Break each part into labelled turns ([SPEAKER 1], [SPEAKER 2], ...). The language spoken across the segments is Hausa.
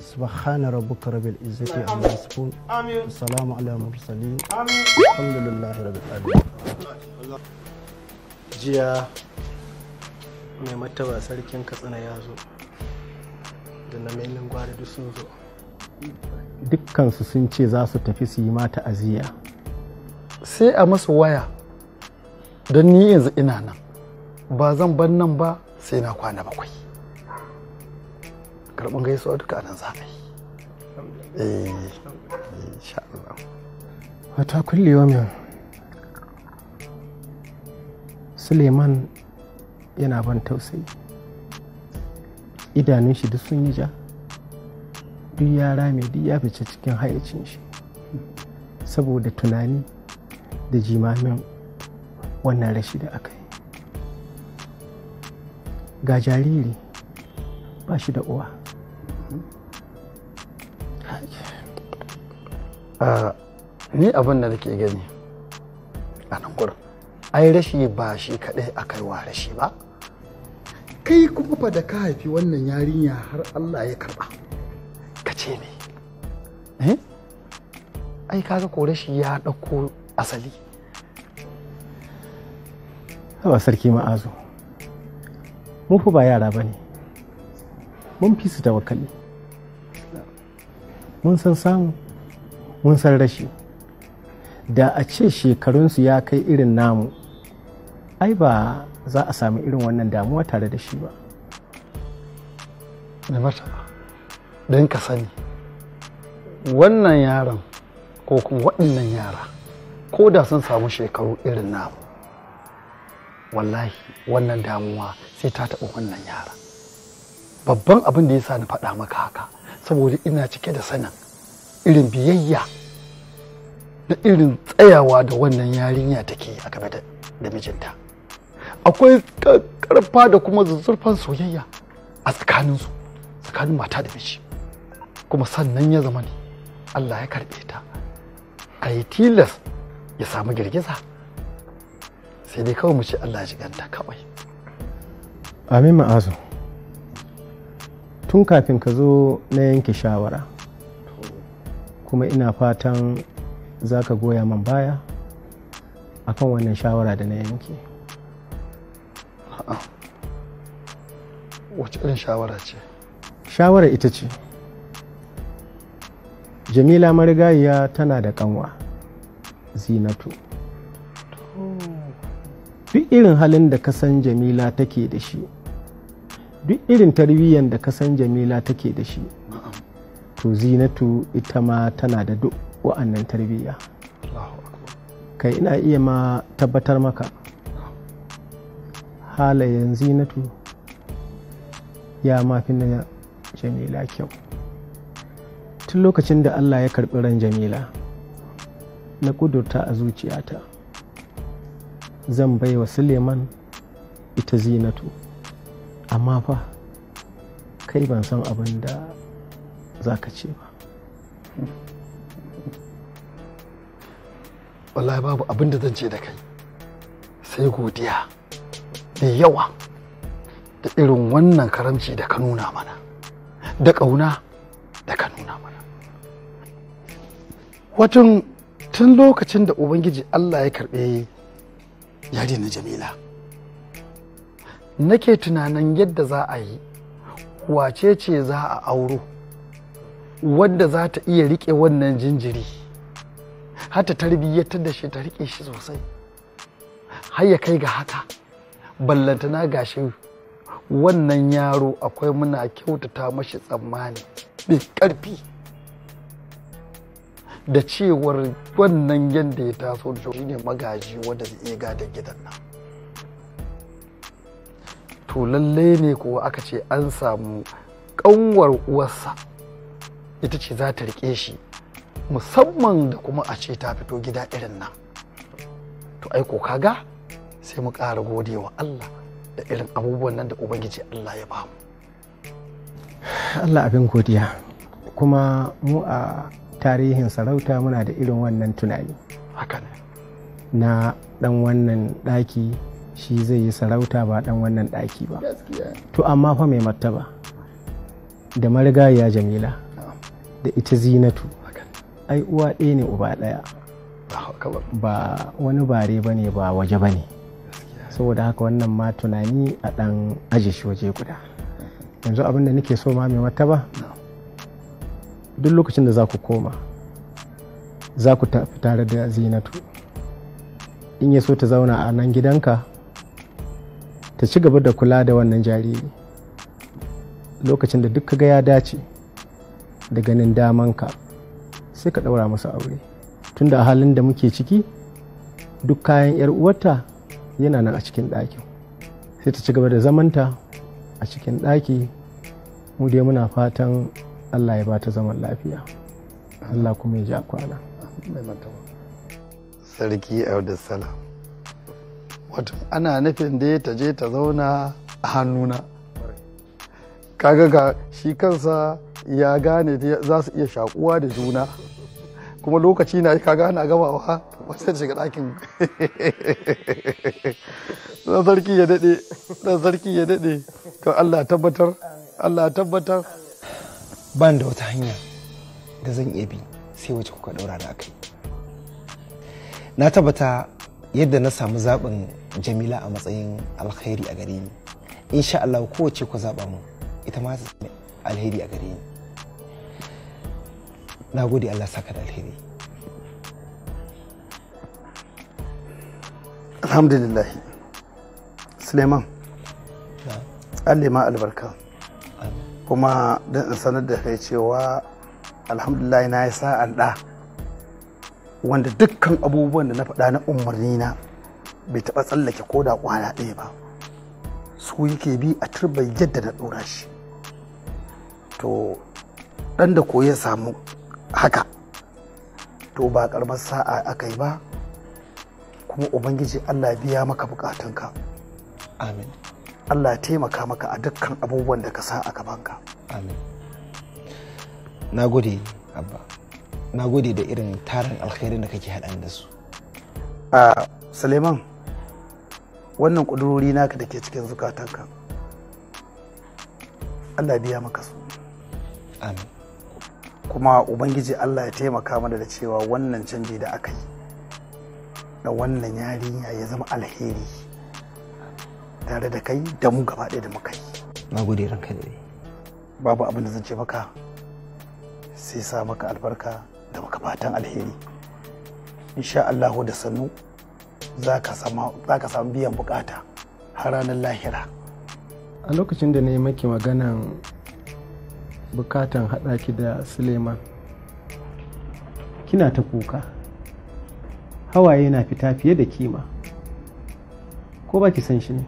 [SPEAKER 1] سبحان ربك رب العزة عما يصفون السلام على المرسلين الحمد لله رب العالمين jiya mai mataba sarkin katsina ya zo da na gwari duk sun zo dukkansu sun ce za su tafi su yi mata aziya
[SPEAKER 2] sai a masu waya
[SPEAKER 1] don ni yanzu ina nan
[SPEAKER 2] ba zan ban nan ba sai na kwana bakwai karɓin gaisuwa duka nan za a yi eh,
[SPEAKER 1] Allah wata suleiman yana ban tausayi idanun shi duk sun yi ja duk ya rame duk ya fice cikin hayacin shi saboda tunani da jimamin wannan rashi da aka yi ga jariri ba shi da uwa
[SPEAKER 2] ni abin da nake gani a nan gurin ai rashi ba shi kaɗai akai kaiwa wa rashi ba kai kuma fa da ka haifi wannan yarinya har Allah ya karba ka ce ne? eh ai kaga ko rashi ya ɗauko asali
[SPEAKER 1] ba sarki ma'azo mu fa ba yara ba ne mun fi su tawakkali mun san samu mun san rashi da a ce shekarunsu ya kai irin namu ai ba za a sami irin wannan damuwa tare da shi ba da don ka sani
[SPEAKER 2] wannan yaran ko kuma waɗannan yara ko da sun samu shekaru irin namu wallahi wannan damuwa sai ta taɓa wannan yara babban abin da ya sa ni faɗa maka haka saboda ina cike da sanin irin biyayya da irin tsayawa da wannan yarinya take a game da mijinta akwai karfa da kuma zuzzurfan soyayya a tsakaninsu tsakanin mata da miji kuma sannan ya zama ne allah ya karɓe ta a yi tilas ya samu girgiza sai dai kawai mu allah ya jiganta kawai
[SPEAKER 1] amin ma'azu tun kafin ka zo na yanke shawara kuma ina fatan za ka goya man baya akan wannan shawara da na yanke
[SPEAKER 2] wace irin shawara ce
[SPEAKER 1] shawara ita ce jamila marigayiya tana da kanwa zinatu duk irin halin da kasan jamila take da shi duk irin tarbiyyar da kasan jamila take da shi to zinatu ita ma tana da duk wa'annan tarbiyya kai ina iya ma tabbatar maka halayen zinatu ya mafi na jamila kyau tun lokacin da allah ya karɓi ran jamila na ƙudurta a zuciyata zan bai wa suleiman ita zinatu amma fa kai ban san abin da za ce ba
[SPEAKER 2] wallahi babu abin da zan ce da kai sai godiya da yawa da irin wannan karamci da ka nuna mana da ƙauna da ka nuna mana watan tun lokacin da ubangiji allah ya karɓe yari na jamila nake tunanin yadda za a yi wace ce za a auro wadda za ta iya riƙe wannan jinjiri hata ta tarbiyyatar da shi ta riƙe shi sosai har ya kai ga haka ballantana gashi wannan yaro akwai muna kyautata mashi tsammani mai ƙarfi da cewar wannan yadda ya taso da shi ne magaji wanda zai iya gadon gidan nan to lallai ne kuwa aka ce an samu ƙanwar uwarsa ita ce za ta riƙe shi musamman da kuma a ce ta fito gida irin nan to ai ko kaga sai mu ƙara gode wa Allah da irin abubuwan nan da ubangiji Allah ya mu
[SPEAKER 1] Allah abin godiya kuma mu a tarihin sarauta muna da irin wannan tunani haka na dan wannan ɗaki shi zai yi sarauta ba dan wannan ɗaki ba to amma fa mai martaba da marigayya jamila da ita zinatu ai uwa ɗaya ne uba ɗaya ba wani bare ba ne ba waje ba ne saboda haka wannan ma tunani a ɗan aji shi waje guda yanzu abin nake so ma mai wata ba duk lokacin da za ku koma za ku tafi tare da zinatu in ya so ta zauna a nan gidanka ta ci gaba da kula da wannan jariri lokacin da duk ga ya dace da ganin damanka sai ka ɗaura masa aure tunda a halin da muke ciki duk kayan 'yar uwarta yana nan a cikin ɗakin sai ta ci gaba da zamanta a cikin ɗaki mu dai muna fatan allah ya ba ta zaman lafiya allah kuma ya ja kwana
[SPEAKER 2] sarki salam wato ana nufin da ta je ta zauna a hannuna kaga ga shi kansa ya gane za su iya shakuwa da juna kuma lokaci na kaga ana gamawa ba sai shiga ɗakin dan sarki ya daɗe dan sarki ya daɗe to Allah tabbatar Allah tabbatar ban da wata hanya da zan iya bi sai wace kuka ɗaura da akai na tabbata yadda na samu zaɓin jamila a matsayin alkhairi a gare ni insha Allah kowace ku zaɓa mu ita ma alheri a gare ni na gode allah saka da alheri alhamdulillah suleiman allah ma albarka kuma don in sanar da kai cewa alhamdulillah na yi sa'an da wanda dukkan abubuwan da na faɗa na umarni na bai taɓa tsallake ko da kwana ɗaya ba su yake bi a turbar yadda na ɗora shi to ɗan da koyi ya samu haka to ba karbar sa'a aka yi ba kuma ubangiji allah biya maka bukatunka amin allah taimaka maka a dukkan abubuwan da ka sa a gabanka amin na gode abba na gode da irin tarin alkhairin da kake haɗa da su a suleiman wannan ƙudurori naka da ke cikin zukatanka allah biya maka su kuma ubangiji allah ya taimaka mana da cewa wannan canji da aka yi da wannan yarinya ya zama alheri tare da kai da mu gaba ɗaya da muka yi na gode ranka da babu abin da zan ce maka sai sa maka albarka da maka fatan alheri insha allahu da sannu za ka samu biyan bukata har ranar lahira
[SPEAKER 1] a lokacin da na yi maki maganan bukatan haɗa ki da suleiman kina ta kuka hawaye na fita fiye da kima ko ba ki san shi ne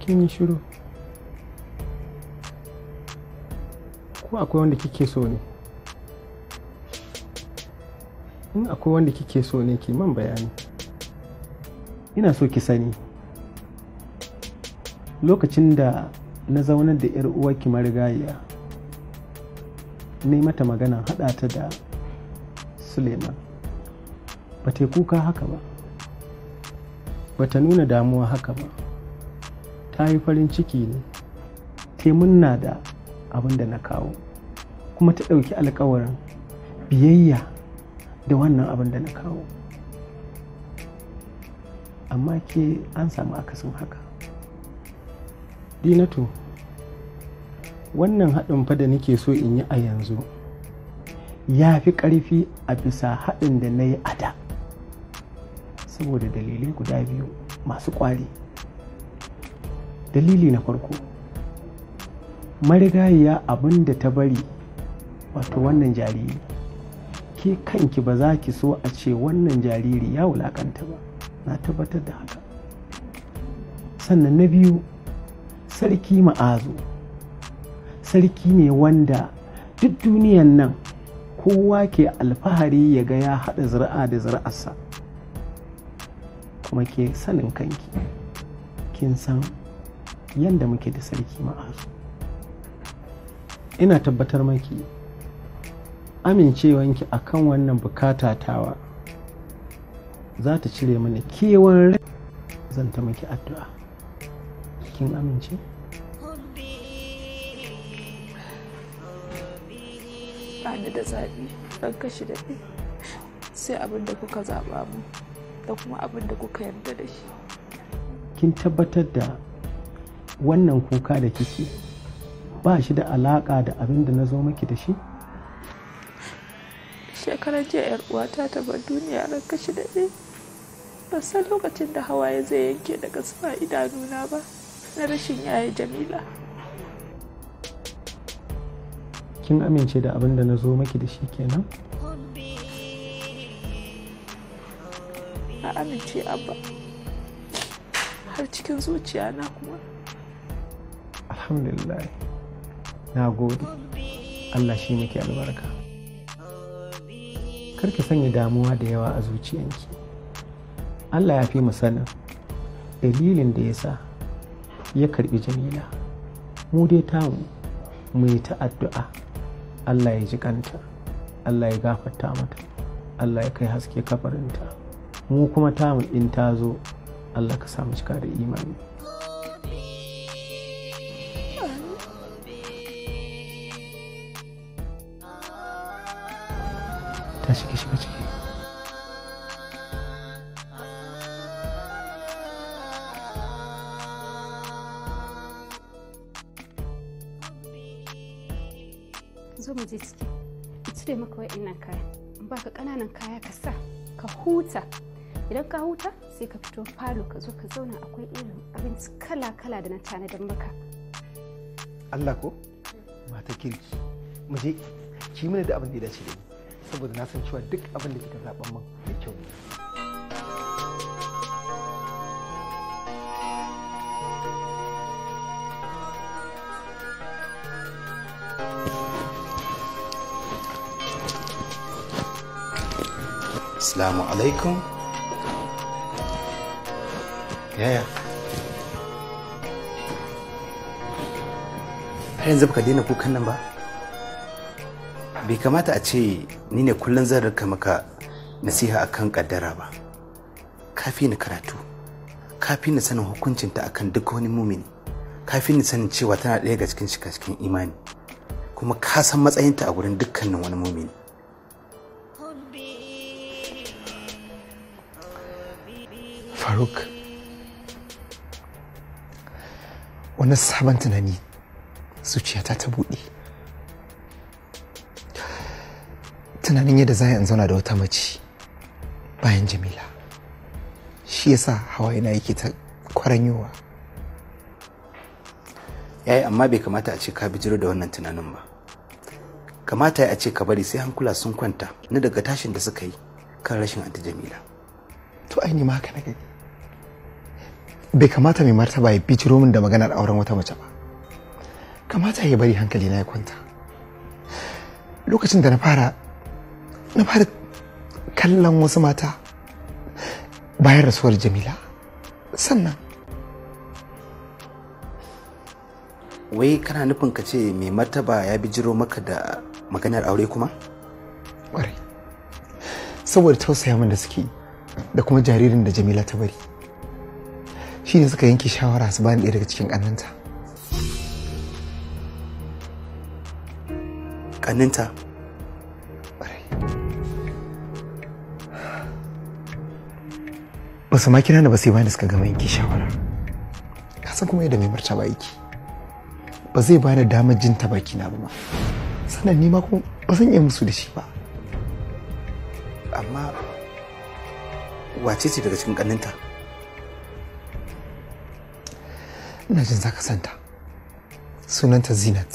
[SPEAKER 1] kin yi shiru ko akwai wanda kike so ne in akwai wanda kike so ne ki man bayani ina so ki sani lokacin da na zaunar da 'yar uwarki marigaya ne mata magana hada ta da suleiman ba ta kuka haka ba ba ta nuna damuwa haka ba ta yi farin ciki ne munna da abin da na kawo kuma ta ɗauki alkawarin biyayya da wannan abin da na kawo amma ke an samu akasin haka dinatu wannan haɗin fa da nake so in yi a yanzu ya fi ƙarfi a bisa haɗin da na yi a da saboda dalilai guda biyu masu ƙwari dalili na farko marigayiya abin da ta bari wato wannan jariri ke kanki ba za ki so a ce wannan jariri ya wulakanta ba na tabbatar da haka sannan na biyu sarki ma'azu sarki ne wanda duk duniyan nan kowa ke alfahari ya ga ya haɗa zira'a da zira'arsa kuma ke sanin kanki kin san yadda muke da sarki ma'azu ina tabbatar maki amincewanki akan wannan bukata tawa za ta cire mana kewan zan ta maki addu'a kin amince?
[SPEAKER 3] ni da zaɓi ranka shi da sai abin da kuka zaɓa mu da kuma abin da kuka yarda da shi
[SPEAKER 1] kin tabbatar da wannan kuka da kike ba shi da alaƙa da abin da na zo miki da shi
[SPEAKER 3] shekarar jiya yar uwata ta bar duniya ranka shi da ba san lokacin da hawaye zai yanke daga suna idanuna ba na rashin yaya jamila
[SPEAKER 1] kin amince da abin da na zo maki da shi kenan na
[SPEAKER 3] amince abba har cikin zuciya na kuma
[SPEAKER 1] alhamdulillah na gode allah shi miki albarka kar ki sanya damuwa da yawa a zuciyanki allah ya fi mu sanin dalilin da ya sa ya karbi jamila mu dai tamu mu yi ta addu'a Allah ya ji kanta Allah ya gafarta mata Allah ya kai haske kafarinta mu kuma tamu in ta zo Allah ka samu cika da imani
[SPEAKER 3] ta shiga shiga zo mu je ciki cire maka wa'innan kaya in baka kananan kaya ka sa ka huta idan ka huta sai ka fito falo ka zo ka zauna akwai irin abinci kala-kala da na da maka
[SPEAKER 2] Allah ko mata kirki mu je ki mana da abin da ya dace da ni saboda na san cewa duk abin da kika zaɓa min da kyau Assalamu alaikum. Yaya. Har yanzu ka daina kukan nan ba? Bai kamata a ce ni ne kullum zan rika maka nasiha akan kaddara ba. Kafi ni karatu. Kafi ni sanin hukuncinta akan duk wani mumini. Kafi ni sanin cewa tana ɗaya ga cikin shika cikin imani. Kuma ka san matsayinta a gurin dukkanin wani mumini. faruk wani sabon tunani zuciyata ta buɗe tunanin yadda za in zauna da wata mace bayan jamila shi yasa hawaye na yake ta kwaranyowa yayi amma bai kamata a ce ka bijiro da wannan tunanin ba kamata a ce ka bari sai hankula sun kwanta na daga tashin da suka yi kan rashin anti jamila to ai ma haka na gani bai kamata mai martaba ya bi min da maganar auren wata mace ba kamata ya bari hankali na ya kwanta lokacin da na fara na fara kallon wasu mata bayan rasuwar jamila sannan wai kana nufin ka ce mai martaba ya bijiro maka da maganar aure kuma? ƙwarai saboda tausaya min da suke da kuma jaririn da jamila ta bari shi ne suka yanke shawara su bani ɗaya daga cikin ƙannanta ƙannanta ba su ma kina da ba sai bani suka gama yanke shawara kasan kuma yadda mai ba yake ba zai bani damar jin ta baki na ba ma sannan ni ma kuma ba zan iya musu da shi ba amma wace ce daga cikin ƙannanta ina jin zaka santa sunanta zinat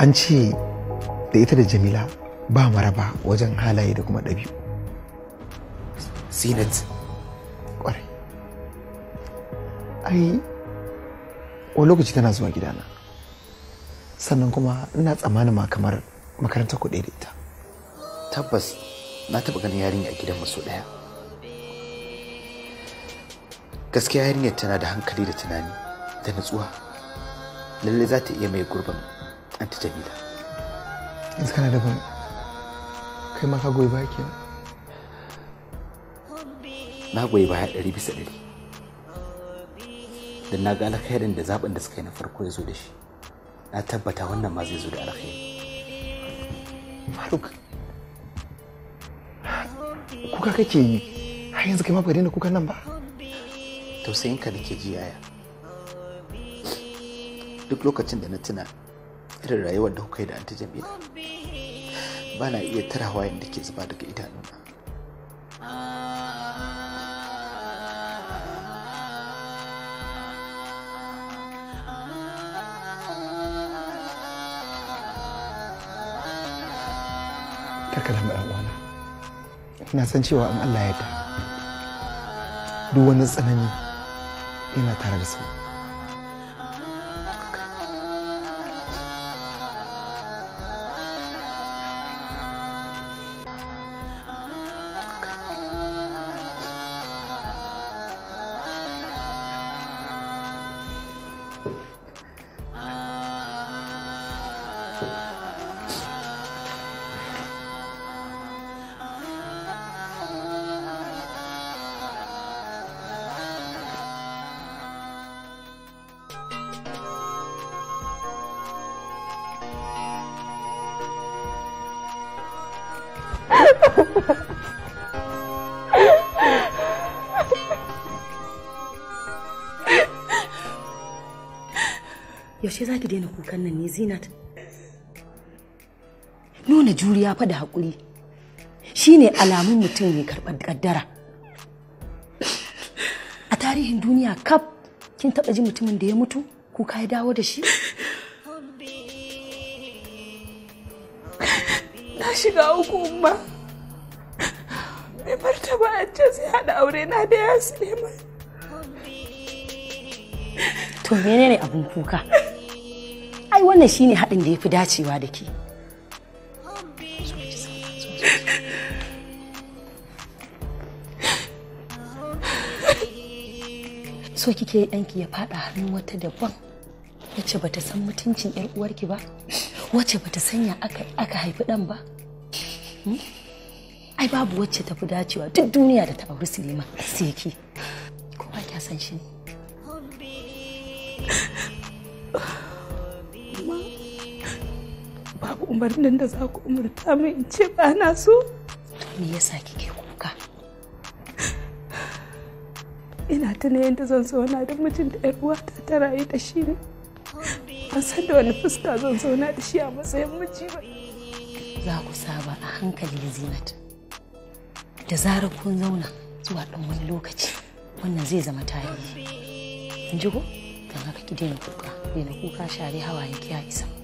[SPEAKER 2] an ce da ita da jamila ba maraba wajen halaye da kuma ɗabi'u zinat ƙwarai ai o lokaci tana zuwa gidana sannan kuma ina tsammanin ma kamar makaranta kuɗi da ita tabbas na taɓa ganin yarinya a gidan masu ɗaya gaskiya yarinyar tana da hankali da tunani da nutsuwa lalle za ta iya mai gurbin anti jamila yanzu kana da kai ma ka goyi baya kenan na goyi baya ɗari bisa ɗari don na ga alkhairin da zaɓin da suka yi na farko ya zo da shi na tabbata wannan ma zai zo da alkhairi faruk kuka kake yi har yanzu kai ma ba daina kuka nan ba tausayinka nake ji yaya duk lokacin da na tuna irin rayuwar da kuka yi da anti jamila ba na iya tara wayan da ke zuba daga idanuna takalama ɗan'uwana Ina san cewa in allah ya da duk wani tsanani 今垂れるそう。
[SPEAKER 3] yaushe za ki daina kukan nan ne zinat nuna juriya fa da haƙuri shine alamun mutum mai karɓar ƙaddara a tarihin duniya kaf kin taɓa ji mutumin da ya mutu kuka ya dawo da shi na shiga hukuma umma martaba a can sai haɗa aure na da ya suleiman to menene abin kuka ai wannan shine haɗin da ya fi dacewa da ke so kike ɗanki ya faɗa hannun wata daban wacce bata san mutuncin yar uwarki ba wacce bata sanya aka haifi ɗan ba hmm? ai babu wacce tafi dacewa duk duniya da ta auri silima sai ki ko ba san shi ne abu umarnin da za ku umarta mu in ce ba na so me yasa kike kuka ina tuna yadda zan zauna da mijin da 'yar uwata ta rayu da shi ne ban san da wani fuska zan zauna da shi a matsayin miji ba za ku saba a hankali zinat da zarar kun zauna zuwa ɗan wani lokaci wannan zai zama tarihi in ji ko don haka ki daina kuka daina kuka share hawa ya isa